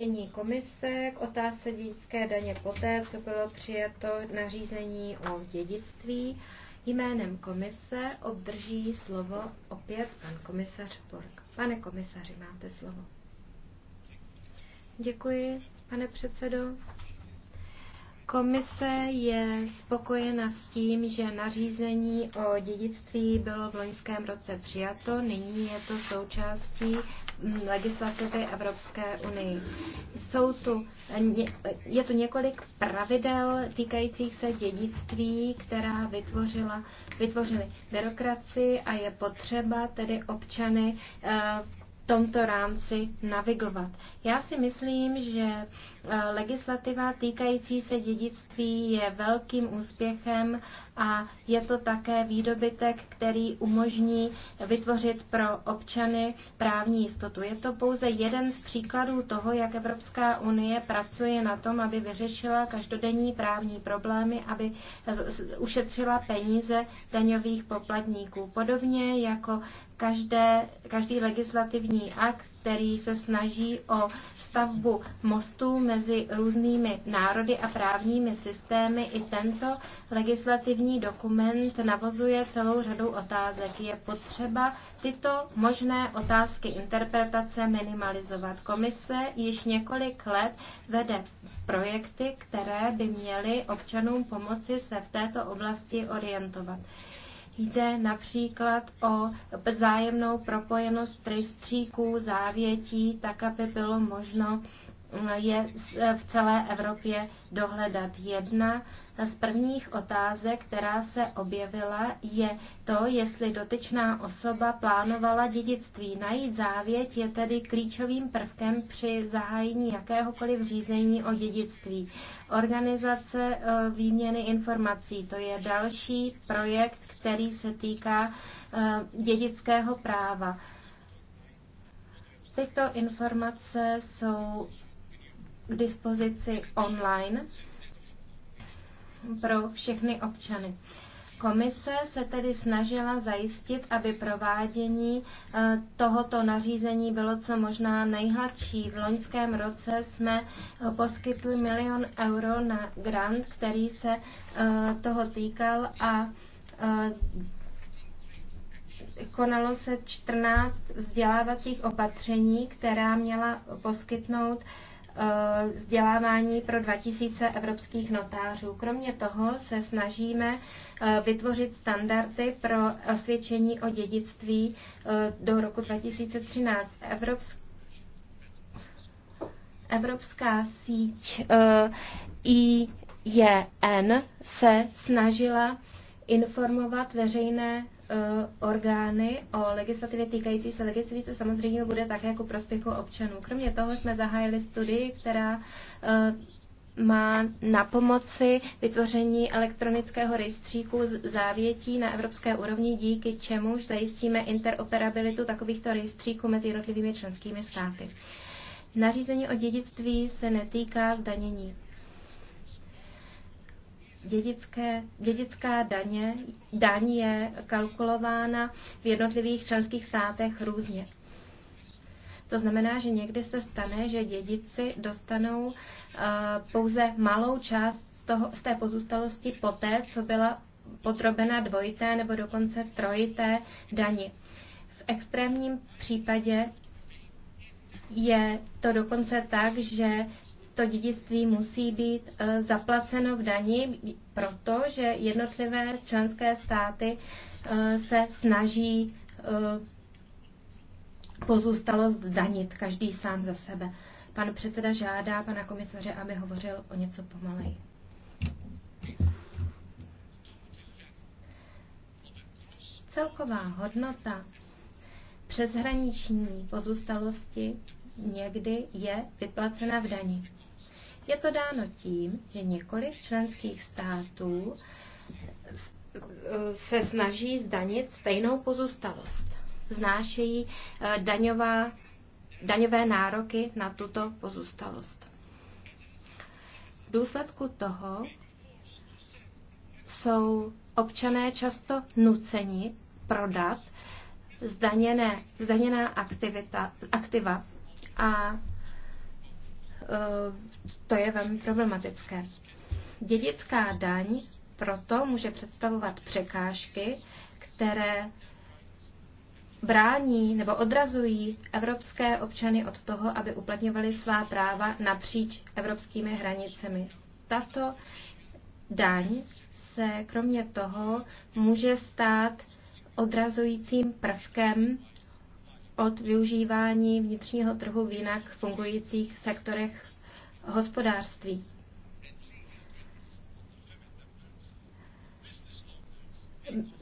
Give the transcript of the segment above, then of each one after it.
Nyní komise k otázce dědické daně poté, co bylo přijato nařízení o dědictví. Jménem komise obdrží slovo opět pan komisař Borg. Pane komisaři, máte slovo. Děkuji, pane předsedo. Komise je spokojena s tím, že nařízení o dědictví bylo v loňském roce přijato, nyní je to součástí legislativy Evropské unii. Jsou tu, je tu několik pravidel týkajících se dědictví, která vytvořila, vytvořili byrokraci a je potřeba tedy občany eh, tomto rámci navigovat. Já si myslím, že e, legislativa týkající se dědictví je velkým úspěchem a je to také výdobytek, který umožní vytvořit pro občany právní jistotu. Je to pouze jeden z příkladů toho, jak Evropská unie pracuje na tom, aby vyřešila každodenní právní problémy, aby ušetřila peníze daňových poplatníků. Podobně jako každé, každý legislativní akt, který se snaží o stavbu mostů mezi různými národy a právními systémy, i tento legislativní dokument navozuje celou řadu otázek. Je potřeba tyto možné otázky interpretace minimalizovat. Komise již několik let vede projekty, které by měly občanům pomoci se v této oblasti orientovat. Jde například o vzájemnou propojenost rejstříků, závětí, tak, aby bylo možno eh, je eh, v celé Evropě dohledat. Jedna z prvních otázek, která se objevila, je to, jestli dotyčná osoba plánovala dědictví. Najít závěť je tedy klíčovým prvkem při zahájení jakéhokoliv řízení o dědictví. Organizace eh, výměny informací, to je další projekt, který se týká eh, dědického práva. Tyto informace jsou k dispozici online pro všechny občany. Komise se tedy snažila zajistit, aby provádění eh, tohoto nařízení bylo co možná nejhladší. V loňském roce jsme eh, poskytli milion euro na grant, který se toho týkal a Eh, konalo se 14 vzdělávacích opatření, která měla poskytnout eh, vzdělávání pro 2000 evropských notářů. Kromě toho se snažíme eh, vytvořit standardy pro osvědčení o dědictví do roku 2013. Evropský Evropská síť IJN se snažila informovat veřejné eh, orgány o legislativě týkající se legislativy, co samozřejmě bude také jako prospěchu občanů. Kromě toho jsme zahájili studii, která eh, má na pomoci vytvoření elektronického rejstříku závětí na evropské úrovni, díky čemuž zajistíme interoperabilitu takovýchto rejstříků mezi jednotlivými členskými státy. Nařízení o dědictví se netýká zdanění dědické, dědická daně, daň je kalkulována v jednotlivých členských státech různě. To znamená, že někdy se stane, že dědici dostanou eh, pouze malou část z, toho, z té pozůstalosti poté, co byla podrobena dvojité nebo dokonce trojité dani. V extrémním případě je to dokonce tak, že to dědictví musí být e, zaplaceno v dani, protože jednotlivé členské státy e, se snaží e, pozůstalost danit, každý sám za sebe. Pan předseda žádá pana komisaře, aby hovořil o něco pomaleji. Celková hodnota přeshraniční pozůstalosti někdy je vyplacena v dani. Je to dáno tím, že několik členských států se snaží zdanit stejnou pozůstalost. Znášejí eh, daňová, daňové nároky na tuto pozůstalost. V důsledku toho jsou občané často nuceni prodat zdaněné, zdaněná aktivita, aktiva a to je velmi problematické. Dědická daň proto může představovat překážky, které brání nebo odrazují evropské občany od toho, aby uplatňovali svá práva napříč evropskými hranicemi. Tato daň se kromě toho může stát odrazujícím prvkem od využívání vnitřního trhu v jinak fungujících sektorech hospodářství.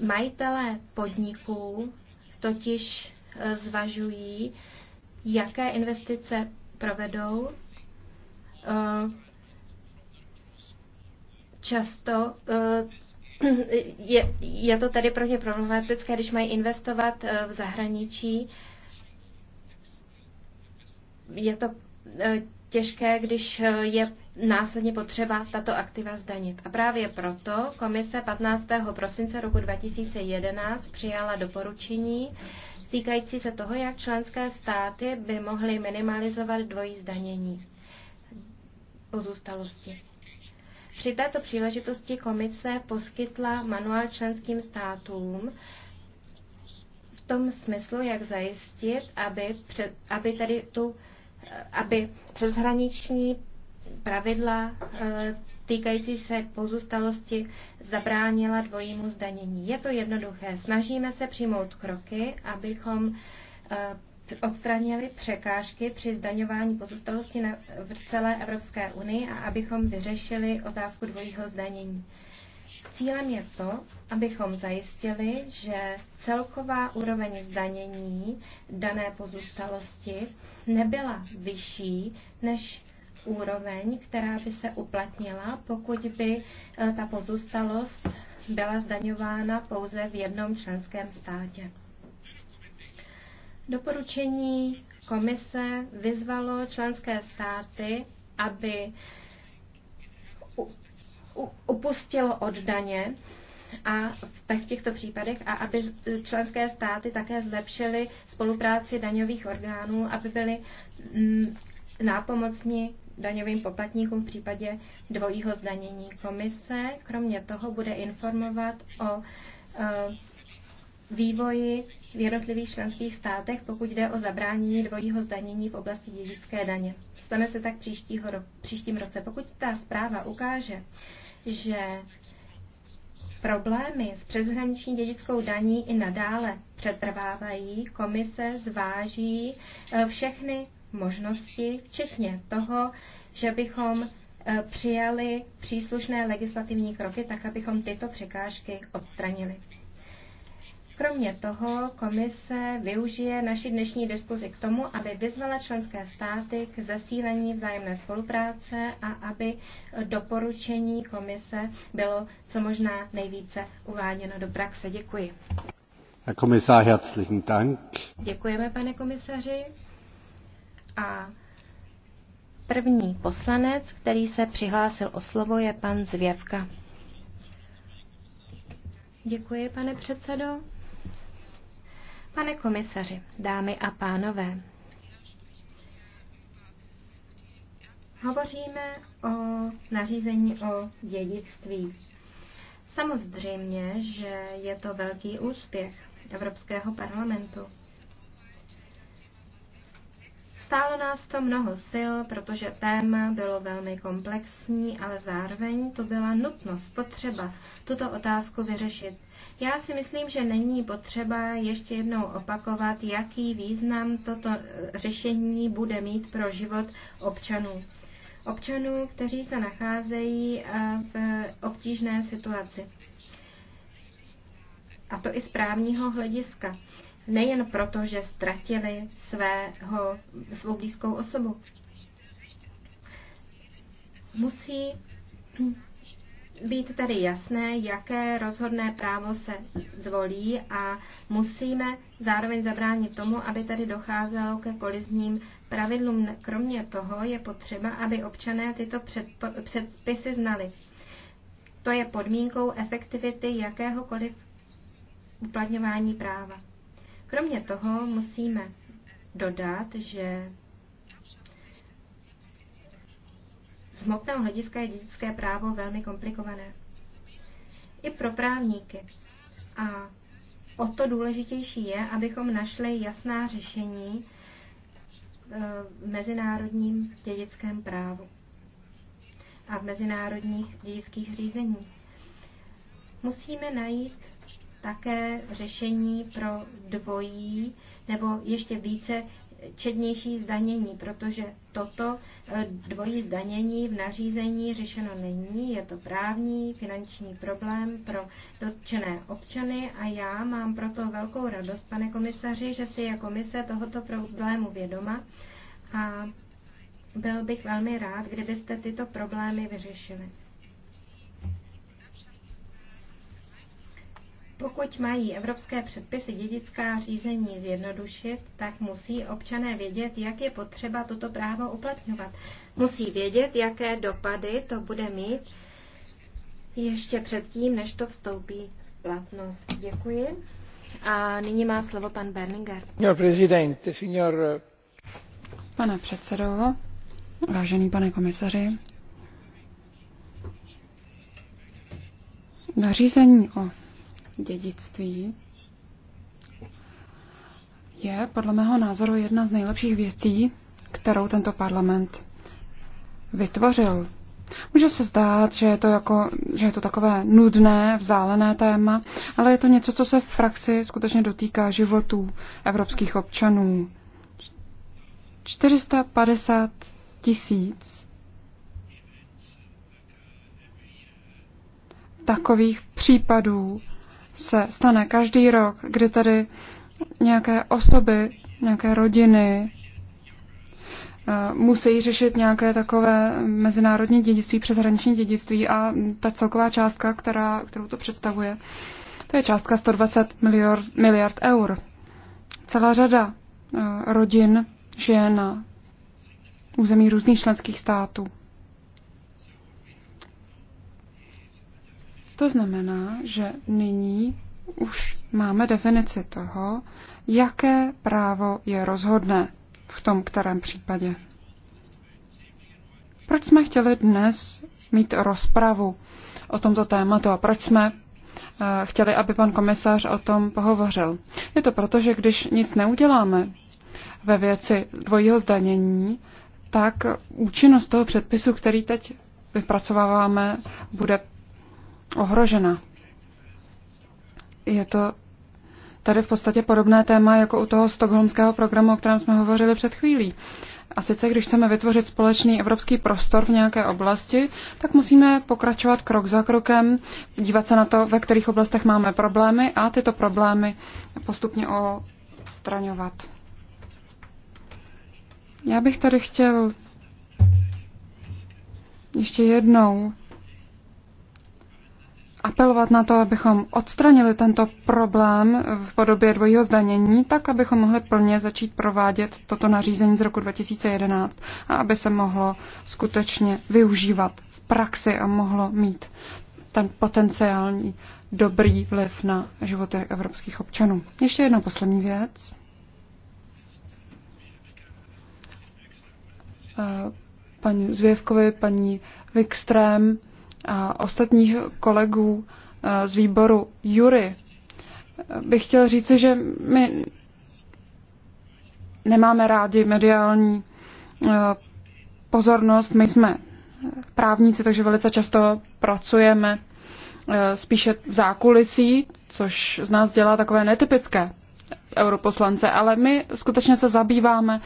Majitelé podniků totiž eh, zvažují, jaké investice provedou. Eh, často eh, je, je to tedy pro ně problematické, když mají investovat v zahraničí, je to e, těžké, když e, je následně potřeba tato aktiva zdanit. A právě proto komise 15. prosince roku 2011 přijala doporučení týkající se toho, jak členské státy by mohly minimalizovat dvojí zdanění pozůstalosti. Při této příležitosti komise poskytla manuál členským státům, v tom smyslu, jak zajistit, aby, před, aby tady tu aby přeshraniční pravidla eh, týkající se pozůstalosti zabránila dvojímu zdanění. Je to jednoduché. Snažíme se přijmout kroky, abychom eh, odstranili překážky při zdaňování pozůstalosti v celé Evropské unii a abychom vyřešili otázku dvojího zdanění. Cílem je to, abychom zajistili, že celková úroveň zdanění dané pozůstalosti nebyla vyšší než úroveň, která by se uplatnila, pokud by eh, ta pozůstalost byla zdaňována pouze v jednom členském státě. Doporučení komise vyzvalo členské státy, aby upustil od daně a v těchto případech a aby členské státy také zlepšily spolupráci daňových orgánů, aby byly mm, nápomocní daňovým poplatníkům v případě dvojího zdanění. Komise kromě toho bude informovat o e, vývoji v jednotlivých členských státech, pokud jde o zabránění dvojího zdanění v oblasti dědické daně. Stane se tak příštího, příštím roce. Pokud ta zpráva ukáže, že problémy s přeshraniční dědickou daní i nadále přetrvávají. Komise zváží eh, všechny možnosti, včetně toho, že bychom eh, přijali příslušné legislativní kroky, tak abychom tyto překážky odstranili. Kromě toho komise využije naši dnešní diskuzi k tomu, aby vyzvala členské státy k zasílení vzájemné spolupráce a aby doporučení komise bylo co možná nejvíce uváděno do praxe. Děkuji. Herr Kommissar, herzlichen Dank. Děkujeme, pane komisaři. A první poslanec, který se přihlásil o slovo, je pan Zvěvka. Děkuji, pane předsedo. Pane komisaři, dámy a pánové, hovoříme o nařízení o dědictví. Samozřejmě, že je to velký úspěch Evropského parlamentu. Stálo nás to mnoho sil, protože téma bylo velmi komplexní, ale zároveň to byla nutnost, potřeba tuto otázku vyřešit. Já si myslím, že není potřeba ještě jednou opakovat, jaký význam toto eh, řešení bude mít pro život občanů. Občanů, kteří se nacházejí eh, v obtížné situaci a to i z právního hlediska. Nejen proto, že ztratili svého, svou blízkou osobu. Musí být tady jasné, jaké rozhodné právo se zvolí a musíme zároveň zabránit tomu, aby tady docházelo ke kolizním pravidlům. Kromě toho je potřeba, aby občané tyto předpisy znali. To je podmínkou efektivity jakéhokoliv uplatňování práva. Kromě toho musíme dodat, že z hmotného hlediska je dědické právo velmi komplikované. I pro právníky. A o to důležitější je, abychom našli jasná řešení e, v mezinárodním dědickém právu a v mezinárodních dědických řízeních. Musíme najít také řešení pro dvojí nebo ještě více četnější zdanění, protože toto eh, dvojí zdanění v nařízení řešeno není. Je to právní, finanční problém pro dotčené občany a já mám proto velkou radost, pane komisaři, že si je komise tohoto problému vědoma a byl bych velmi rád, kdybyste tyto problémy vyřešili. Pokud mají evropské předpisy dědická řízení zjednodušit, tak musí občané vědět, jak je potřeba toto právo uplatňovat. Musí vědět, jaké dopady to bude mít ještě předtím, než to vstoupí v platnost. Děkuji. A nyní má slovo pan Berninger. Pane předsedo, vážený pane komisaři, nařízení o dědictví je podle mého názoru jedna z nejlepších věcí, kterou tento parlament vytvořil. Může se zdát, že je, to jako, že je to takové nudné, vzálené téma, ale je to něco, co se v praxi skutečně dotýká životů evropských občanů. 450 tisíc takových případů se stane každý rok, kdy tady nějaké osoby, nějaké rodiny eh, musí řešit nějaké takové mezinárodní dědictví, přeshraniční dědictví a ta celková částka, která, kterou to představuje, to je částka 120 miliard, miliard eur. Celá řada eh, rodin žije na území různých členských států. To znamená, že nyní už máme definici toho, jaké právo je rozhodné v tom kterém případě. Proč jsme chtěli dnes mít rozpravu o tomto tématu a proč jsme eh, chtěli, aby pan komisař o tom pohovořil? Je to proto, že když nic neuděláme ve věci dvojího zdanění, tak účinnost toho předpisu, který teď vypracováváme, bude ohrožena. Je to tady v podstatě podobné téma jako u toho stokholmského programu, o kterém jsme hovořili před chvílí. A sice, když chceme vytvořit společný evropský prostor v nějaké oblasti, tak musíme pokračovat krok za krokem, dívat se na to, ve kterých oblastech máme problémy a tyto problémy postupně odstraňovat. Já bych tady chtěl ještě jednou apelovat na to, abychom odstranili tento problém v podobě dvojího zdanění, tak abychom mohli plně začít provádět toto nařízení z roku 2011 a aby se mohlo skutečně využívat v praxi a mohlo mít ten potenciální dobrý vliv na životy evropských občanů. Ještě jedna poslední věc. Eh, paní Zvěvkovi, paní Wikström, a ostatních kolegů eh, z výboru Jury bych chtěl říci, že my nemáme rádi mediální eh, pozornost. My jsme právníci, takže velice často pracujeme eh, spíše v zákulisí, což z nás dělá takové netypické europoslance, ale my skutečně se zabýváme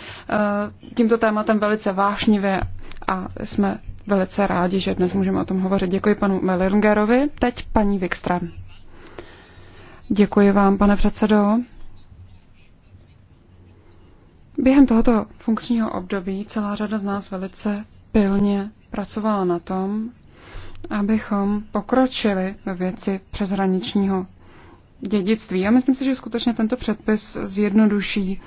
tímto tématem velice vášnivě a jsme velice rádi, že dnes můžeme o tom hovořit. Děkuji panu Melingerovi. Teď paní Vikstra. Děkuji vám, pane předsedo. Během tohoto funkčního období celá řada z nás velice pilně pracovala na tom, abychom pokročili ve věci přeshraničního dědictví. A myslím si, že skutečně tento předpis zjednoduší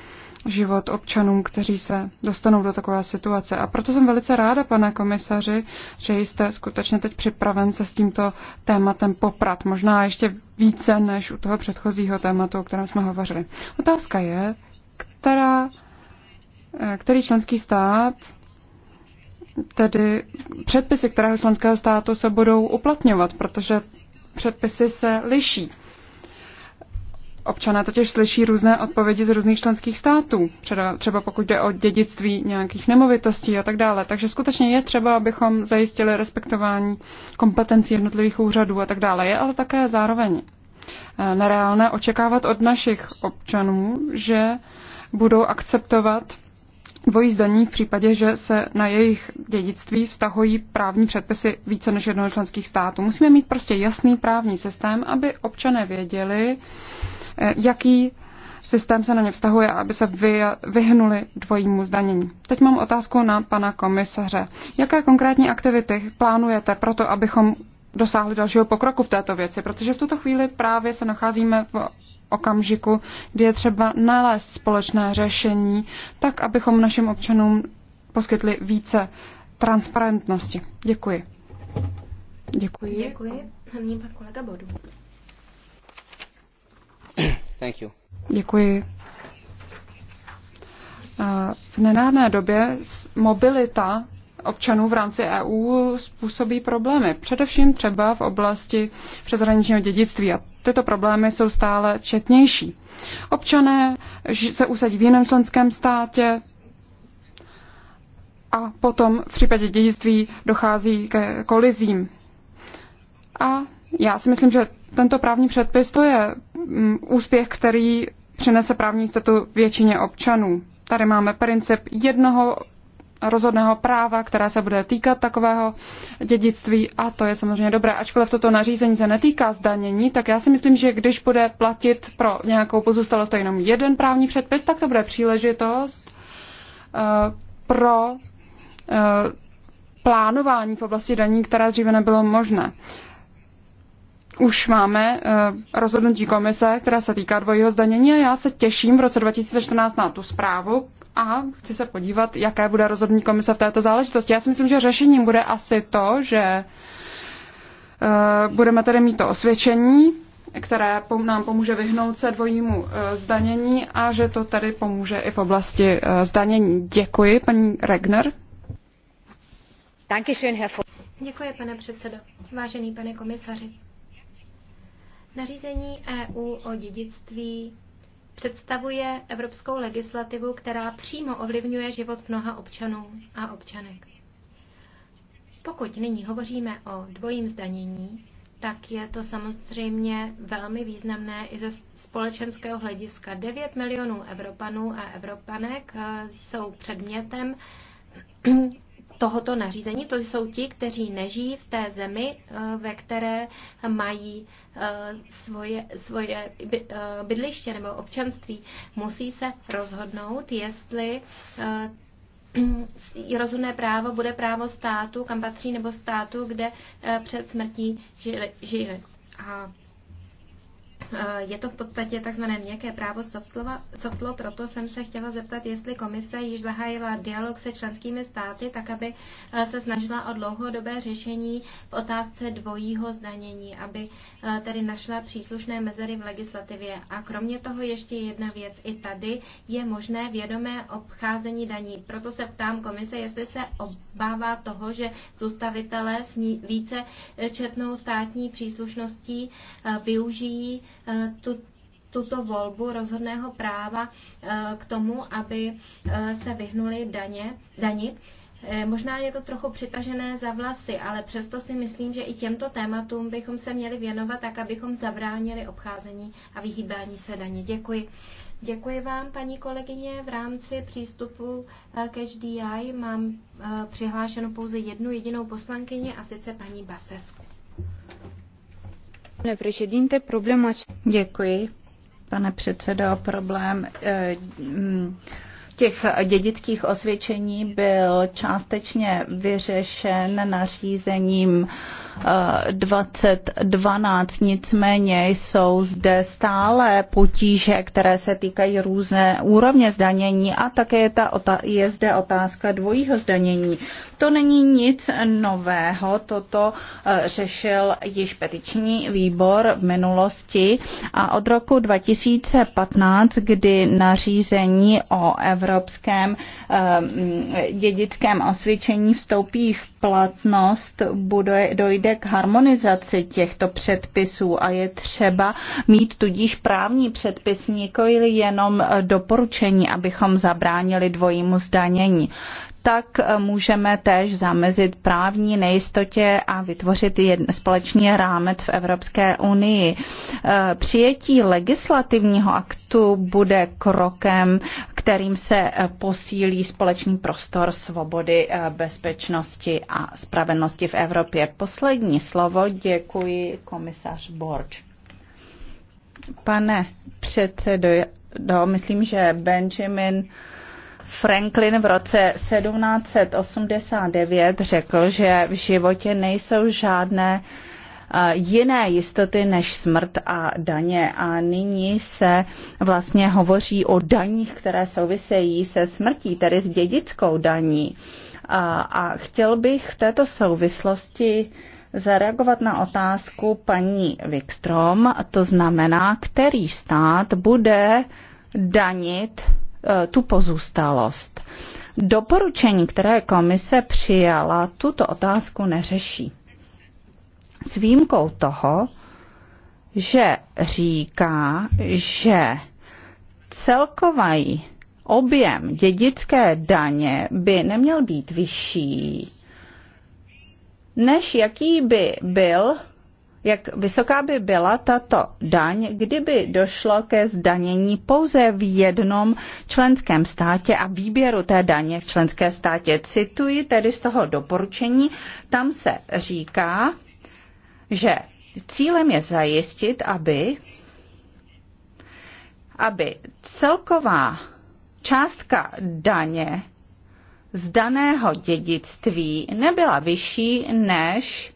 život občanům, kteří se dostanou do takové situace. A proto jsem velice ráda, pane komisaři, že jste skutečně teď připraven se s tímto tématem poprat. Možná ještě více než u toho předchozího tématu, o kterém jsme hovořili. Otázka je, která, eh, který členský stát tedy předpisy kterého členského státu se budou uplatňovat, protože předpisy se liší. Občané totiž slyší různé odpovědi z různých členských států, třeba pokud jde o dědictví nějakých nemovitostí a tak dále. Takže skutečně je třeba, abychom zajistili respektování kompetencí jednotlivých úřadů a tak dále. Je ale také zároveň eh, nereálné očekávat od našich občanů, že budou akceptovat dvojí zdaní v případě, že se na jejich dědictví vztahují právní předpisy více než jednoho členských států. Musíme mít prostě jasný právní systém, aby občané věděli, Eh, jaký systém se na ně vztahuje, aby se vyhnuli dvojímu zdanění. Teď mám otázku na pana komisaře. Jaké konkrétní aktivity plánujete pro to, abychom dosáhli dalšího pokroku v této věci, protože v tuto chvíli právě se nacházíme v okamžiku, kdy je třeba nalézt společné řešení, tak abychom našim občanům poskytli více transparentnosti. Děkuji. Děkuji. Děkuji. Nyní pan kolega Bodu. Thank you. Děkuji. Eh, v nenádné době mobilita občanů v rámci EU způsobí problémy, především třeba v oblasti přeshraničního dědictví a tyto problémy jsou stále četnější. Občané se usadí v jiném členském státě a potom v případě dědictví dochází ke kolizím. A já si myslím, že tento právní předpis to je mm, úspěch, který přinese právní jistotu většině občanů. Tady máme princip jednoho rozhodného práva, která se bude týkat takového dědictví a to je samozřejmě dobré. Ačkoliv toto nařízení se netýká zdanění, tak já si myslím, že když bude platit pro nějakou pozůstalost jenom jeden právní předpis, tak to bude příležitost uh, pro uh, plánování v oblasti daní, které dříve nebylo možné. Uh, už máme eh, rozhodnutí komise, která se týká dvojího zdanění a já se těším v roce 2014 na tu zprávu a chci se podívat, jaké bude rozhodnutí komise v této záležitosti. Já si myslím, že řešením bude asi to, že eh, budeme tady mít to osvědčení, které nám pomůže vyhnout se dvojímu eh, zdanění a že to tady pomůže i v oblasti zdanění. Děkuji, paní Regner. Děkuji, pane předsedo. Vážený pane komisaři. Nařízení EU o dědictví představuje evropskou legislativu, která přímo ovlivňuje život mnoha občanů a občanek. Pokud nyní hovoříme o dvojím zdanění, tak je to samozřejmě velmi významné i ze společenského hlediska. 9 milionů Evropanů a Evropanek eh, jsou předmětem tohoto nařízení. To jsou ti, kteří nežijí v té zemi, eh, ve které mají eh, svoje, svoje eh, bydliště nebo občanství. Musí se rozhodnout, jestli rozhodné právo bude právo státu, kam patří, nebo státu, kde před smrtí žili. žili. A Eh, je to v podstatě takzvané měkké právo softlo. proto jsem se chtěla zeptat, jestli komise již zahájila dialog se členskými státy, tak aby eh, se snažila o dlouhodobé řešení v otázce dvojího zdanění, aby eh, tedy našla příslušné mezery v legislativě. A kromě toho ještě jedna věc. I tady je možné vědomé obcházení daní. Proto se ptám komise, jestli se obává toho, že zůstavitelé s více četnou státní příslušností využijí Eh, tu, tuto volbu rozhodného práva eh, k tomu, aby eh, se vyhnuli daně, dani. Možná je to trochu přitažené za vlasy, ale přesto si myslím, že i těmto tématům bychom se měli věnovat tak, abychom zabránili obcházení a vyhýbání se daně. Děkuji. Děkuji vám, paní kolegyně. V rámci přístupu k HDI mám přihlášenou pouze jednu jedinou poslankyni, a sice paní Basesku. Děkuji, pane předsedo. Problém eh, těch dědických osvědčení byl částečně vyřešen nařízením 2012. Nicméně jsou zde stále potíže, které se týkají různé úrovně zdanění a také je, ta, je zde otázka dvojího zdanění. To není nic nového, toto eh, řešil již petiční výbor v minulosti a od roku 2015, kdy nařízení o evropském eh, dědickém osvědčení vstoupí v platnost, bude, dojde dojde k harmonizaci těchto předpisů a je třeba mít tudíž právní předpis, nikoli jenom eh, doporučení, abychom zabránili dvojímu zdanění tak eh, můžeme též zamezit právní nejistotě a vytvořit společný rámec v Evropské unii. Eh, přijetí legislativního aktu bude krokem kterým se eh, posílí společný prostor svobody, eh, bezpečnosti a spravedlnosti v Evropě. Poslední slovo děkuji komisař Borč. Pane předsedo, do, no, myslím, že Benjamin Franklin v roce 1789 řekl, že v životě nejsou žádné uh, jiné jistoty než smrt a daně. A nyní se vlastně hovoří o daních, které souvisejí se smrtí, tedy s dědickou daní. A chtěl bych v této souvislosti zareagovat na otázku paní Wikstrom, to znamená, který stát bude danit e, tu pozůstalost. Doporučení, které komise přijala, tuto otázku neřeší s výjimkou toho, že říká, že celkový objem dědické daně by neměl být vyšší, než jaký by byl, jak vysoká by byla tato daň, kdyby došlo ke zdanění pouze v jednom členském státě a výběru té daně v členské státě. Cituji tedy z toho doporučení, tam se říká, že cílem je zajistit, aby, aby celková částka daně z daného dědictví nebyla vyšší než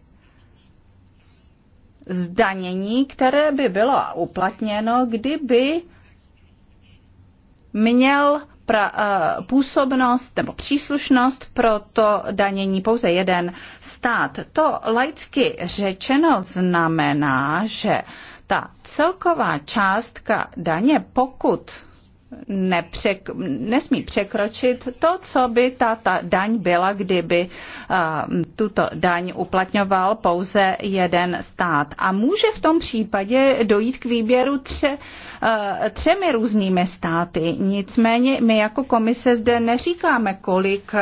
zdanění, které by bylo uplatněno, kdyby měl pra, eh, působnost nebo příslušnost pro to danění pouze jeden stát. To laicky řečeno znamená, že ta celková částka daně, pokud nepřek, nesmí překročit to, co by ta, ta daň byla, kdyby uh, tuto daň uplatňoval pouze jeden stát. A může v tom případě dojít k výběru tře, uh, třemi různými státy. Nicméně my jako komise zde neříkáme, kolik uh,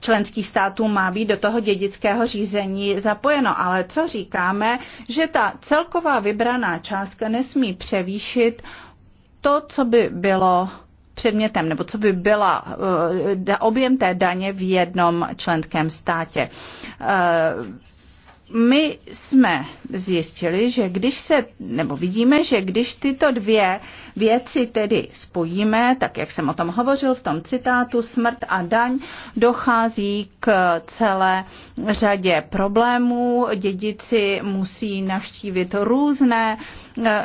členských států má být do toho dědického řízení zapojeno, ale co říkáme, že ta celková vybraná částka nesmí převýšit to, co by bylo předmětem, nebo co by byla eh, objem té daně v jednom členském státě. Eh, my jsme zjistili, že když se, nebo vidíme, že když tyto dvě věci tedy spojíme, tak jak jsem o tom hovořil v tom citátu, smrt a daň, dochází k celé řadě problémů. Dědici musí navštívit různé uh,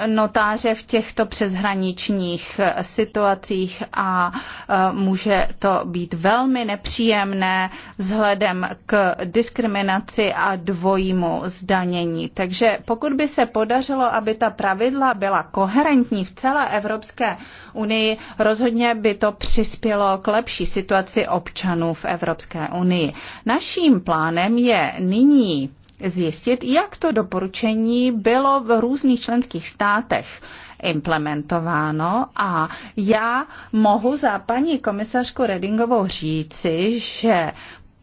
notáře v těchto přeshraničních situacích a e, může to být velmi nepříjemné vzhledem k diskriminaci a dvojímu zdanění. Takže pokud by se podařilo, aby ta pravidla byla koherentní v celé Evropské unii, rozhodně by to přispělo k lepší situaci občanů v Evropské unii. Naším plánem je nyní zjistit, jak to doporučení bylo v různých členských státech implementováno a já mohu za paní komisařku Redingovou říci, že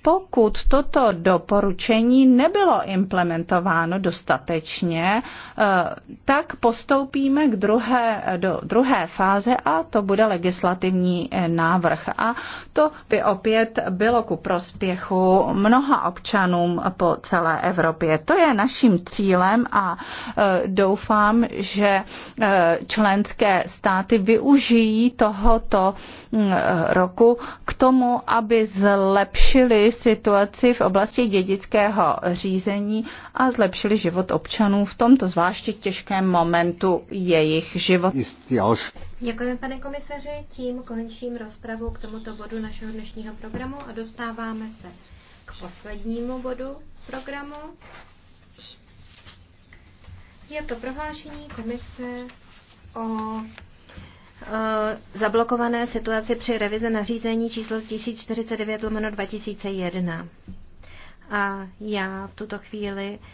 pokud toto doporučení nebylo implementováno dostatečně, eh, tak postoupíme k druhé, do druhé fáze a to bude legislativní eh, návrh. A to by opět bylo ku prospěchu mnoha občanům po celé Evropě. To je naším cílem a eh, doufám, že členské státy využijí tohoto mm, roku k tomu, aby zlepšili situaci v oblasti dědického řízení a zlepšili život občanů v tomto zvláště těžkém momentu jejich život. Děkujeme, pane komisaři. Tím končím rozpravu k tomuto bodu našeho dnešního programu a dostáváme se k poslednímu bodu programu. Je to prohlášení komise o Eh, zablokované situaci při revize nařízení číslo 1049 lomeno 2001. A já v tuto chvíli